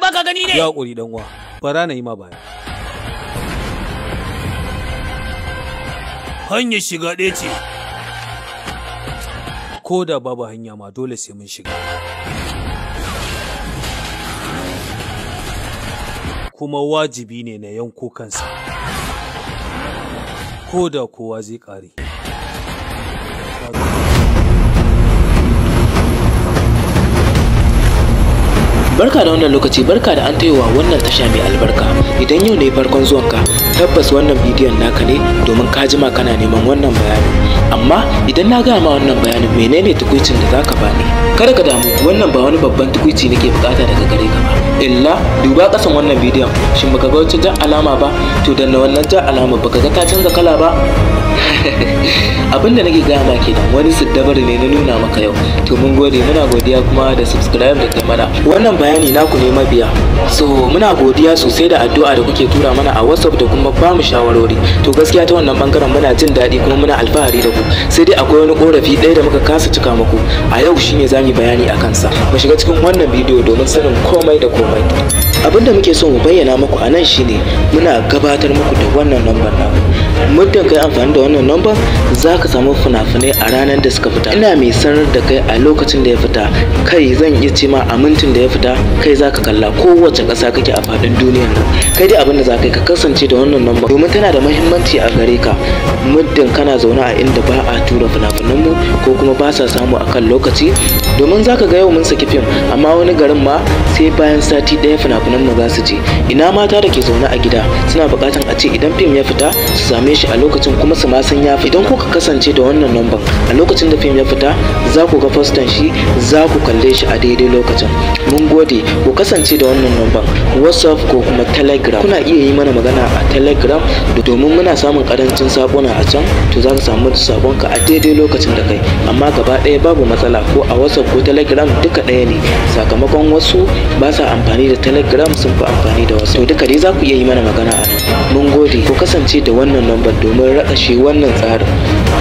kai baka gani ne ya kuri dan uwa fara na yi ma baya hanyar shiga ɗaya ce ko da babu hanya ma dole sai mun shiga kuma wajibi ne na yanko kansa ko da kowa zai ƙare barka da wannan lokaci barka da an taiwa wannan tasha mai albarka idan yau ne farkon zuwanka tabbas wannan bidiyon naka ne domin ka jima kana neman wannan bayanin amma idan na gaya ma wannan bayanin menene tukuicin da zaka bani kada ka damu wannan ba wani babban tukuici nake bukata daga gare ka ba illa duba kasan wannan bidiyon shi baka ga wata jan alama ba to da na wannan jan alama baka ga ta canza kala ba abin da nake gaya ma kenan wani siddabar ne na nuna maka yau to mun gode muna godiya kuma da subscribe da kai wannan bayani naku ne mabiya so muna godiya sosai da addu'a da kuke tura mana a whatsapp da kuma ba mu shawarori to gaskiya ta wannan bangaren muna jin daɗi kuma muna alfahari da ku sai dai akwai wani korafi ɗaya da muka kasa cika muku a yau shine zamu yi bayani akan sa mu shiga cikin wannan bidiyo domin sanin komai da komai abin da muke so mu bayyana muku a nan shine muna gabatar muku da wannan lambar namu muddin kai amfani da wannan number za ka samu fina-finai a ranar da suka fita ina mai sanar da kai a lokacin da ya fita kai zan iya ce ma a mintin da ya fita kai za ka kalla kowace ƙasa kake a faɗin duniya nan kai dai abin da za ka yi ka kasance da wannan number domin tana da muhimmanci a gare ka muddin kana zaune a inda ba a tura fina-finan mu ko kuma ba sa samu a kan lokaci domin za ka ga yau mun saki fim amma wani garin ma sai bayan sati ɗaya fina-finan mu za su je ina mata da ke zaune a gida suna buƙatan a ce idan fim ya fita su sami same shi a lokacin kuma su ma sun ya idan kuka kasance da wannan lambar. a lokacin da fim ya fita za ku ga fastan shi za ku kalle shi a daidai lokacin mun gode ku kasance da wannan lambar. whatsapp ko kuma telegram kuna iya yi mana magana a telegram domin muna samun karancin sakuna a can to za ka samu sabonka a daidai lokacin da kai amma gaba ɗaya babu matsala ko a whatsapp ko telegram duka ɗaya ne sakamakon wasu ba sa amfani da telegram sun fi amfani da wasu to duka dai za ku iya yi mana magana a nan mun gode ku kasance da wannan Nuwamba domin raɗa wannan tsarin.